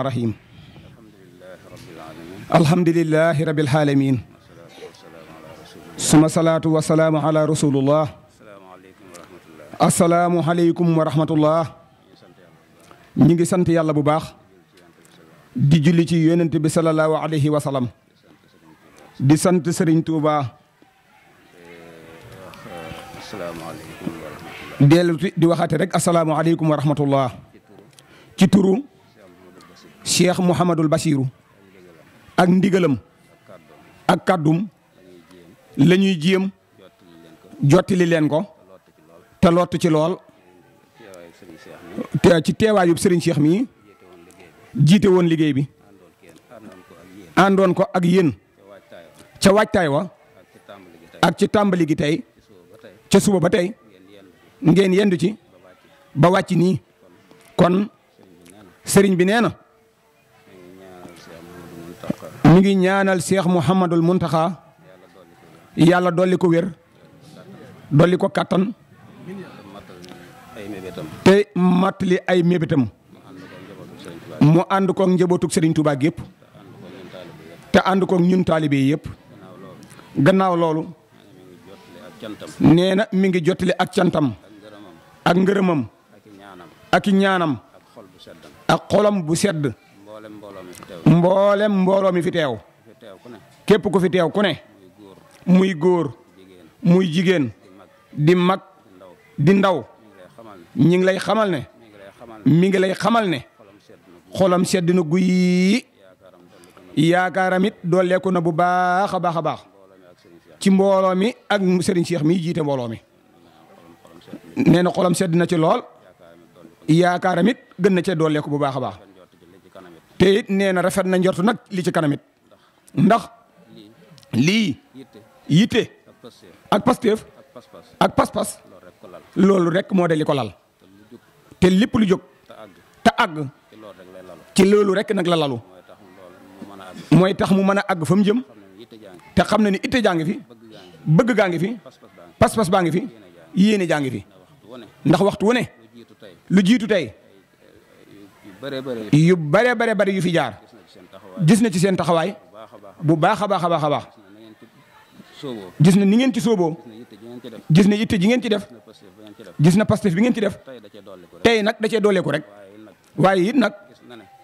الرحيم الحمد لله رب العالمين ثم صلاة وسلام على رسول الله asalaamu aleykum wa rahmatullah ñi ngi sant yàlla bu baax di julli ci yonent bi salallaahu alayhi wa sallam di sant sëriñ Tuuba dellu di waxaate rek asalaamu aleykum wa rahmatullah ci turu cheikh Mouhamadul Bachiru ak ndigalam ak kàddum la ñuy jéem leen ko te lottu ci lool te ci teewaayub Serigne Cheikh mii jiite woon liggéey bi àndoon ko ak yéen ca waajtaay wa ak ci tàmbali gi tey ca suba ba tey ngeen yendu ci ba wàcc nii kon Serigne bi nee na. ñu ngi ñaanal Cheikh Mouhamadul Muntaxa yàlla dolli ko wér dolli ko kàttan te mattali ay mébétam mu ànd koog njabootug Serigne Touba gépp te ànd koog ñun taalibe yëpp gannaaw loolu nee mi ngi jottali ak cantam ak ngërëmam ak ñaanam ak xolam bu sedd. mboolem mbooloo mi fi teew. képp ku fi teew ku ne. muy góor. muy jigéen. di mag. di ndaw. ñi ngi lay xamal ne. mi ngi lay xamal ne. xolam sedd na guy yaakaaram it dooleeku na bu baax a baax a baax ci mbooloo mi ak Serigne Cheikh mi jiite mbooloo mi nee na na ci lool yaakaaram bu baax a baax. te it nee na rafet na njortu nag li ci kanamit ndax lii yitte ak pasteef ak pas-pas loolu rek moo de li ko lal te lépp lu jóg te àgg ci loolu rek nag la lalu mooy tax mu mën a àgg fa mu jëm te xam na ni itte jaa ngi fi bëgg gaa ngi fi pas-pas baa ngi fi yéene jaa ngi fi ndax waxtu wu ne lu jiitu tey yu bare bare bare yu fi jaar gis na ci seen taxawaay bu baax a baax a baax a baax gis na ni ngeen ci sóoboo gis na yitte ji ngeen ci def gis na pastef bi ngeen ci def tey nag da cee dooleeku rek waaye it nag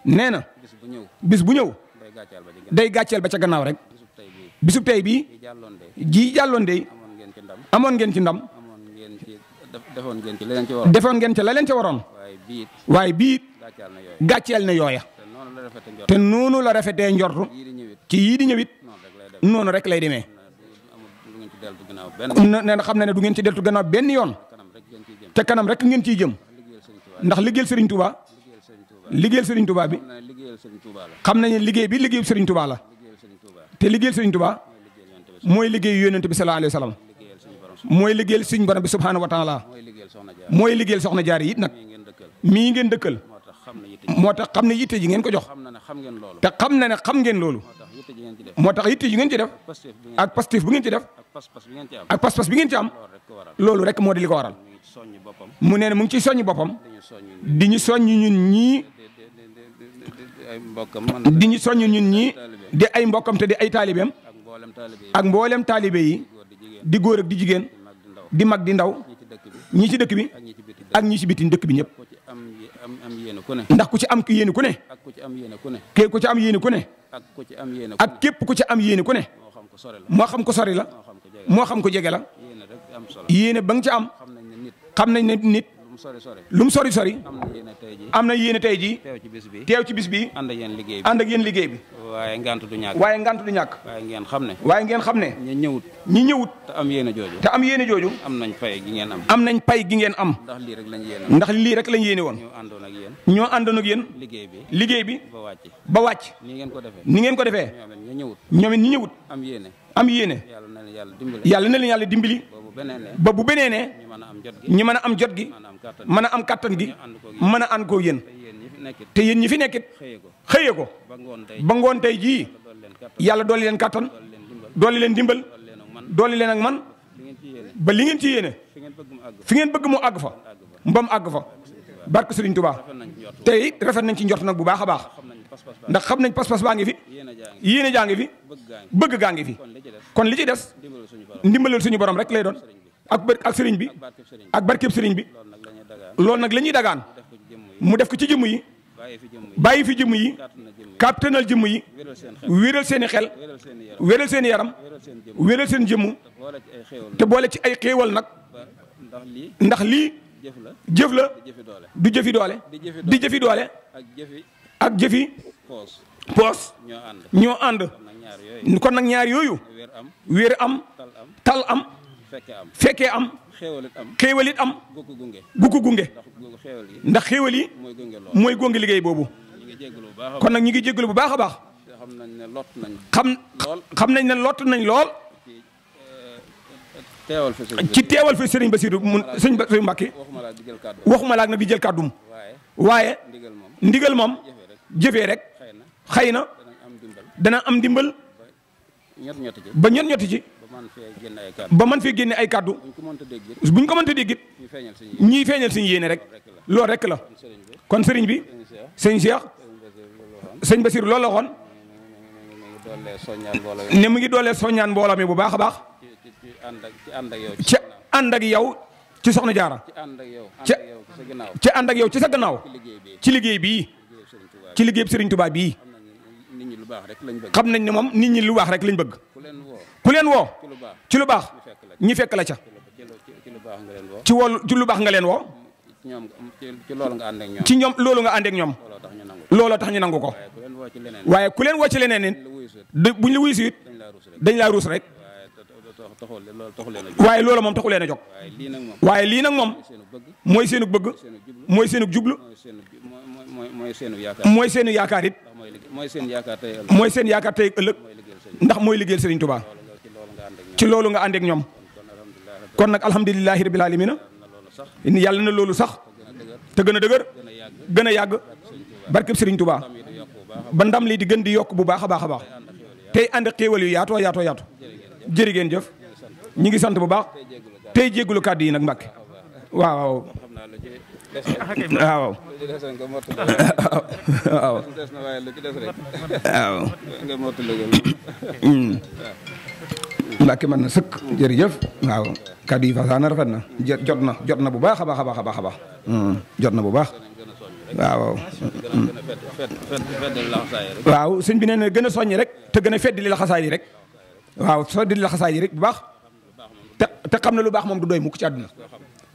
nee na bis bu ñëw day gàcceel ba ca gannaaw rek bisub tey bii ji jàlloon de amoon ngeen ci ndam defoon ngeen ci la leen ca waroon waaye biit gàcceel na yooya te noonu la rafetee njortu ci yii di ñëwit noonu rek lay demee nee na xam na ne du ngeen ci deltu gannaaw benn yoon te kanam rek ngeen ciy ndax liggéeyal Serigne Touba liggéeyal Serigne Touba bi xam nañu liggéey bi liggéeyu Serigne Touba la te liggéeyal Serigne Touba mooy liggéeyu yonent bi sallallahu alayhi wa mooy liggéeyal suñu borom bi subhaanahu mooy liggéeyal soxna jaar yi nag mii ngeen dëkkal. moo tax xam ne yitte ji ngeen ko jox te xam na ne xam ngeen loolu moo tax yitte ji ngeen ci def ak pastif bu ngeen ci def ak pas-pas bi ngeen ci am loolu rek moo di li ko waral mu ne mu ngi ciy boppam di ñu soññ ñun ñii di ñu soññ ñun ñii di ay mbokkam te di ay taalibeem ak mboolem taalibe yi di góor ak di jigéen di mag di ndaw ñii ci dëkk bi ak ñii ci bitim dëkk bi ñëpp. am am yéene ku ne. ndax ku ci am yéene ku ne. ak ku ci am yéene ku ne. kee ku ci am yéene ku ne. ak ku ci la moo xam ko sori la. moo xam ba nga ci am. xam nañ nit. mu sori sori lu mu sori sori. am na yéene tey ji teew ci bis bi teew liggéey bi waaye ngant du waaye ngeen xam ne. ñi ñëwut ñi ñëwut. te am yéene jooju. am nañ pay gi ngeen am. ndax lii rek lañ yéene woon ñoo àndoon ak liggéey bi ba wàcc ni ngeen ko defee ni ñi ñëwut. am yéene yàlla na leen yàlla dimbali ba bu benee nee ñi mën a am jot gi mën a am kàttan gi mën a ànd koo yéen te yéen ñi fi nekkit xëyee ko ba ngoon tey jii yàlla dooli leen kàttan dooli leen dimbal dooli leen ak man ba li ngeen ci yéene fi ngeen bëgg mu àgg fa mbam àgg fa barke Sëriñ Tuubaa tey rafet nañ ci njort nag bu baax a baax ndax xam nañ pas-pas baa ngi fi yéene jaa ngi fi bëgg gaa ngi fi kon li ci des ndimbalal suñu borom rek lay doon ak ak sëriñ bi ak barkeb sëriñ bi loolu nag la ñuy dagaan mu def ko ci jëmm yi bàyyi fi jëmm yi kàttanal jëmm yi wéral seen i xel wéral seen i yaram wéral seen jëmm te boole ci ay xéewal nag ndax lii jëf la du jëfi doole di jëfi doole. ak jëfi ak jëfi poos ñoo ànd kon nag ñaar yooyu wér am tal am fekkee am xéewalit am gukku gunge ndax xéewal yi mooy gunge liggéey boobu kon nag ñi ngi jégalu bu baax a baax xam xam nañ ne lott nañ lool ci eh, teewal fi sëriñ Basiru mun sëriñ Basiru Mbàkke waxuma laak nag di jël kàddum waaye ndigal moom jëfee rek xëy na dana am ndimbal ba ñot ñoti ci ba man fee génne ay kàddu bu ñu ko mënta dégg it ñiy feeñal suñu yéene rek loolu rek la kon sëriñ bi sëñ Cheikh sëñ Basir loolu la waxoon ne mu ngi doolee soññaan mbooloo mi bu baax a baax ci ànd ak yow ci soxna jaara ci ànd ak yow ci sa gannaaw ci liggéey bii ci liggéeyub Serigne Touba bii xam nañ ne moom nit ñi lu baax rek lañ bëgg ku leen woo ci lu baax ñi fekk la ca ci woo ci lu baax nga leen woo ci loolu nga ànd ak ñoom ci ñoom loolu nga ànd ak ñoom looloo tax ñu nangu ko waaye ku leen woo ci leneen nit buñ la wuyu si it dañ laa ruus rek. waaye loola moom taxu leen a jóg waaye lii nag moom mooy seenu bëgg mooy seenu jublu mooy seenu yaakaar it mooy seen yaakaar tey ëllëg ndax mooy liggéeyal Serigne Touba ci loolu nga ànd ak ñoom kon nag alhamdulilahi rabil alamina yàlla na loolu sax te gën a dëgër gën a yàgg barkeb Serigne Touba ba ndam lii di gën di yokk bu baax a baax a baax tey ànd xéewal yu yaatoo yaatoo yaatu jërë jëf ñi ngi sant bu baax tey jéggulu kàddu yi nag Mbàkke waaw waaw waaw Mbàkke man na sëkk jërëjëf waaw kàddu yi fasaana rafet na jot na jot na bu baax a baax a baax baax baax jot na bu baax waaw waaw sëñ bi nee gën a soññ rek te gën a fedd li la yi rek waaw soo di la yi rek bu baax te te xam na lu baax moom du doy mukk ci àdduna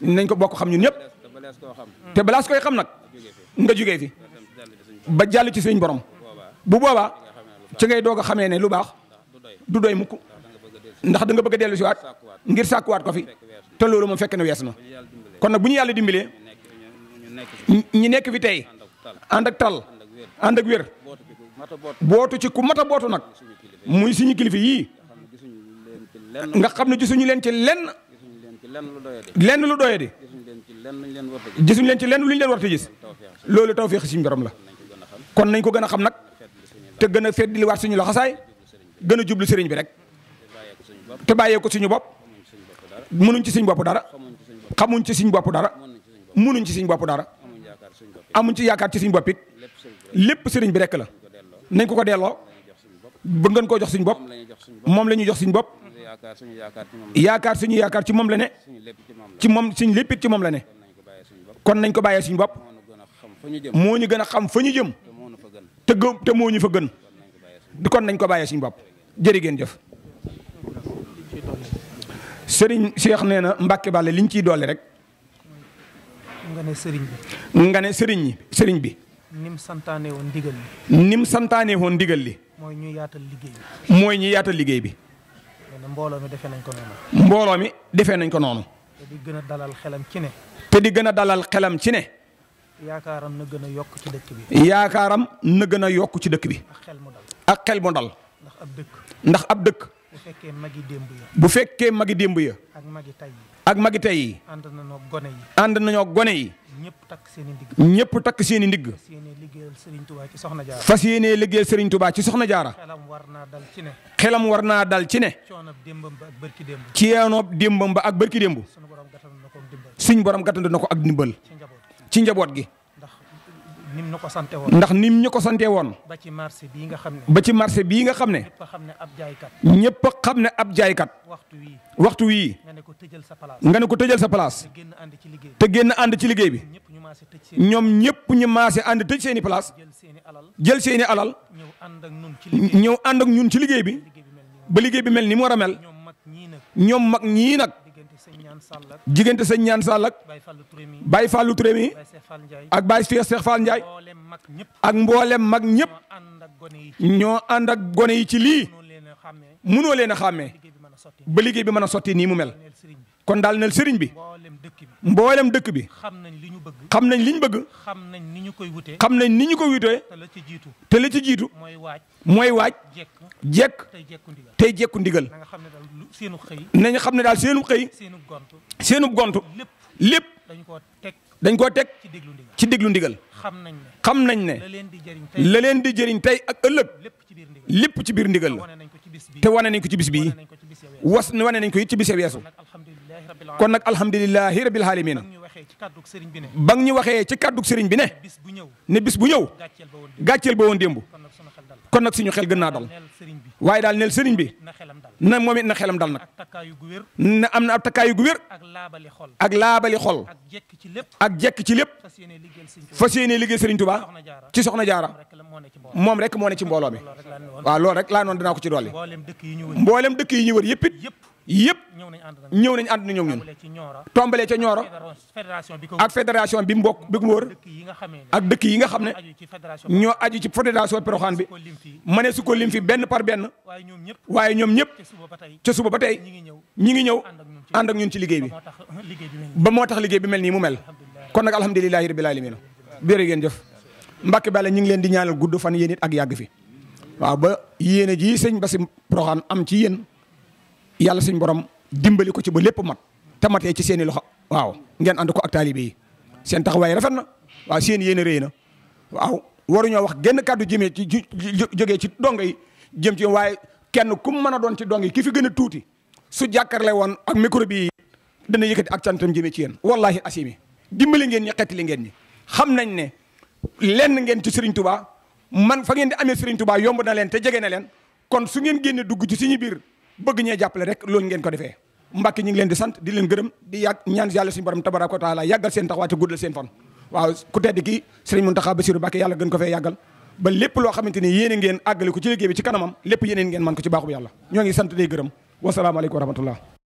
nañ ko bokk xam ñun ñëpp te balaas koy xam nag nga jugee fi ba jàll ci suñ borom bu boobaa ci ngay doog a xamee ne lu baax du doy mukk ndax da nga bëgg a dellu si waat ngir sàkkuwaat ko fi te loolu moom fekk na wees na kon nag bu ñu yàlla dimbalee ñi nekk fi tey ànd ak tal ànd ak wér bootu ci ku mat a bootu nag muy suñu kilifa yii nga xam ne gisuñu leen ci lenn. lenn lu doye di gisuñu leen ci lenn lu ñu leen war a gis loolu tawféex suñu borom la kon nañ ko gën a xam nag te gën a feddli waat suñu laxasaay gën a jublu sëriñ bi rek te bàyyee ko suñu bopp mënuñ ci suñ bopp dara xamuñ ci suñ bopp dara mënuñ ci suñ bopp dara amuñ ci yaakaar ci suñ bopp it lépp sëriñ bi rek la nañ ko ko delloo ba ngeen koo jox suñu bopp moom la ñuy jox suñu bopp yaakaar suñu yaakaar ci moom la ne ci moom suñu léppit ci moom la ne kon nañ ko bàyyee suñu bopp moo ñu gën a xam fa ñu jëm te gë te moo ñu fa gën kon nañ ko bàyyee suñu bopp jërë ngeen jëf sëriñ seex nee na Mbàkke bale liñ ciy dolli rek nga ne sëriñ bi nga ne sëriñ bi bi nim santaane woon ndigal li nim santaane woon ndigal li mooy ñu yaatal liggéey bi mbooloo mi defee nañ ko noonu. mbooloo mi defee nañ ko noonu. te di gën a dalal xelam ci ne. te di gën a dalal xelam ci ne. yaakaaram na gën a yokk ci dëkk bi. yaakaaram na gën a yokk ci dëkk bi. ak xel mu dal. ak xel ndax ab dëkk. ndax ab dëkk. bu fekkee magi démb ya. bu fekkee magi démb ya. ak magi tey yi. ak magi tey yi. ànd nañoo gone yi. ànd nañoo gone yi. ñëpp takk seen ndigg. ñëpp takk seen i ndigg. fas yéenee liggéeyal Serigne Touba ci soxna Jaara. fas yéenee liggéeyal Serigne Touba ci soxna Jaara. xelam war naa dal ci ne. xelam war naa dal ci ne. coonob démbam ba ak barki démb. coonob démbam ba ak barki démb. suñ borom gàttandu na ko ak ndimbal. ci njaboot gi. nim ñu ko sante woon. ndax nim ñu ko sante woon. ba ci marché bii nga xam ne. ba ci marché bii nga xam ne. ñëpp xam ne ab jaaykat. ñëpp xam ne ab jaaykat. waxtu wii. waxtu wii. nga ne ko tëjal sa place. nga ne ko tëjal sa place. te génn ànd ci liggéey bi. te génn ànd ci liggéey bi. ñoom ñëpp ñu maase ànd tëj seeni place. jël seeni alal. jël seeni alal. ñëw ànd ak ñun ci liggéey bi. ñëw ànd ak ñun ci liggéey bi. ba liggéey bi mel ni mu war a mel. ñoom mag ñii nag. diggante sëñ ñaan sàll ak Baye Fallou Touré mi ak Baye Cheikh Fall Ndiaye ak mboolem mag ñëpp ñoo ànd ak ci lii mënoo leen a xàmmee ba liggéey bi mën a sotti nii mu mel kon daal nel sëriñ bi mboolem dëkk bi xam nañ li ñu bëgg xam nañ li ñu bëgg xam nañ ni ñu koy wutee xam nañ ni ñu koy wutee te la ci jiitu te la jiitu mooy waaj mooy waaj jekk tey jekku ndigal nañ xam ne daal seenu xëy seenu gont lépp dañ koo teg ci déglu ndigal xam nañ ne la leen di jëriñ tey ak ëllëg lépp ci biir ndigal la te wane nañ ko ci bis bii was wane nañ ko it ci bis weesu kon nag alhamdulilahi rabil aalamiina ba nga ñu waxee ci kàddug sëriñ bi ne ne bis bu ñëw gàcceel ba woon démb kon nag suñu xel gën dal waaye daal neel sëriñ bi na moom it na xelam dal nag na am na ab takkaayu gu wér ak laabali xol ak jekk ci lépp fas yéene liggéey Serigne Touba ci soxna jaara moom rek moo ne ci mbooloo mi waaw loolu rek laa noonu danaa ko ci dolli mboolem dëkk yi ñu wër yëpp yëpp ñëw nañ ànd na ñoom ñun tombalee ca Nioro ak fédération bi mbokk bi mu wër ak dëkk yi nga xam ne ñoo aju ci fédération Porokhane bi ma ne su ko lim fi benn par benn waaye ñoom ñëpp ca suba ba tey ñi ngi ñëw ànd ak ñun ci liggéey bi ba moo tax liggéey bi mel nii mu mel kon nag alhamdulilahi rabbil alamin jërë ngeen jëf Mbacke Balla ñu ngi leen di ñaanal gudd fan yéen it ak yàgg fi waaw ba yéene ji sëñ Bassirou Porokhane am ci yéen yàlla suñ borom dimbali ko ci ba lépp mat te matee ci seen i loxo waaw ngeen ànd ko ak taalibe seen tax taxawaay rafet na waaw seen yéen a rëy na waaw waruñoo wax genn kàddu jëmee ci jege ci dongo yi jëm ci waaye kenn ku mën a doon ci dongo ki fi gën a tuuti su jàkkaarle woon ak micro bi dana yëkkati ak cantam jëmee ci yéen wallahi asimi dimbali ngeen ñi xettali ngeen ñi xam nañ ne lenn ngeen ci Serigne tubaa man fa ngeen di amee Serigne tubaa yomb na leen te jege na leen kon su ngeen génne dugg ci suñu biir bëgg ñee jàppale rek loolu ngeen ko defee Mbàkke ñu ngi leen di sant di leen gërëm di yàgg ñaan yàlla suñu borom tabaraka wa taala yàggal seen taxawaay te guddal seen fan waaw ku tedd ki sëriñ Muntaxa Basiru Mbàkke yàlla gën ko fee yàggal ba lépp loo xamante ni yéene ngeen àggale ko ci liggéey bi ci kanamam lépp yéneen ngeen man ko ci baaxub yàlla ñoo ngi sant day gërëm wasalaamaaleykum wa rahmatullah